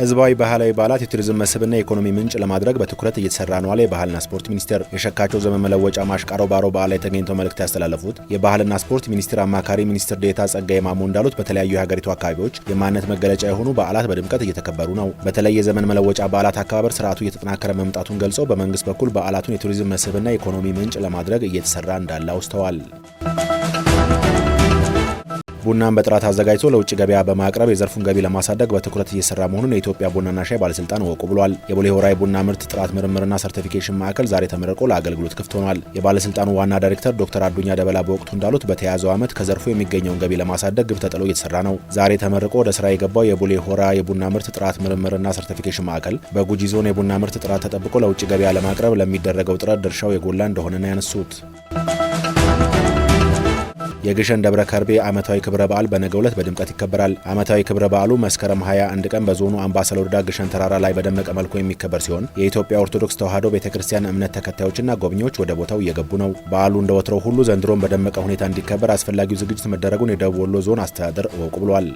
ህዝባዊ ባህላዊ በዓላት የቱሪዝም መስህብና የኢኮኖሚ ምንጭ ለማድረግ በትኩረት እየተሰራ ነው አለ የባህልና ስፖርት ሚኒስቴር። የሸካቸው ዘመን መለወጫ ማሽቃሮ ባሮ በዓል ላይ ተገኝተው መልእክት ያስተላለፉት የባህልና ስፖርት ሚኒስትር አማካሪ ሚኒስትር ዴታ ጸጋዬ ማሞ እንዳሉት በተለያዩ የሀገሪቱ አካባቢዎች የማንነት መገለጫ የሆኑ በዓላት በድምቀት እየተከበሩ ነው። በተለይ የዘመን መለወጫ በዓላት አከባበር ስርዓቱ እየተጠናከረ መምጣቱን ገልጸው በመንግስት በኩል በዓላቱን የቱሪዝም መስህብና የኢኮኖሚ ምንጭ ለማድረግ እየተሰራ እንዳለ አውስተዋል። ቡናን በጥራት አዘጋጅቶ ለውጭ ገበያ በማቅረብ የዘርፉን ገቢ ለማሳደግ በትኩረት እየሰራ መሆኑን የኢትዮጵያ ቡናና ሻይ ባለስልጣን ወቁ ብሏል። የቦሌ ሆራ የቡና ምርት ጥራት ምርምርና ሰርቲፊኬሽን ማዕከል ዛሬ ተመርቆ ለአገልግሎት ክፍት ሆኗል። የባለስልጣኑ ዋና ዳይሬክተር ዶክተር አዱኛ ደበላ በወቅቱ እንዳሉት በተያዘው ዓመት ከዘርፉ የሚገኘውን ገቢ ለማሳደግ ግብ ተጥሎ እየተሰራ ነው። ዛሬ ተመርቆ ወደ ስራ የገባው የቦሌ ሆራ የቡና ምርት ጥራት ምርምርና ሰርቲፊኬሽን ማዕከል በጉጂ ዞን የቡና ምርት ጥራት ተጠብቆ ለውጭ ገበያ ለማቅረብ ለሚደረገው ጥረት ድርሻው የጎላ እንደሆነ ነው ያነሱት። የግሸን ደብረ ከርቤ ዓመታዊ ክብረ በዓል በነገው ዕለት በድምቀት ይከበራል። ዓመታዊ ክብረ በዓሉ መስከረም 21 ቀን በዞኑ አምባሰል ወረዳ ግሸን ተራራ ላይ በደመቀ መልኩ የሚከበር ሲሆን የኢትዮጵያ ኦርቶዶክስ ተዋሕዶ ቤተክርስቲያን እምነት ተከታዮችና ጎብኚዎች ወደ ቦታው እየገቡ ነው። በዓሉ እንደ ወትሮው ሁሉ ዘንድሮን በደመቀ ሁኔታ እንዲከበር አስፈላጊው ዝግጅት መደረጉን የደቡብ ወሎ ዞን አስተዳደር እወቁ ብሏል።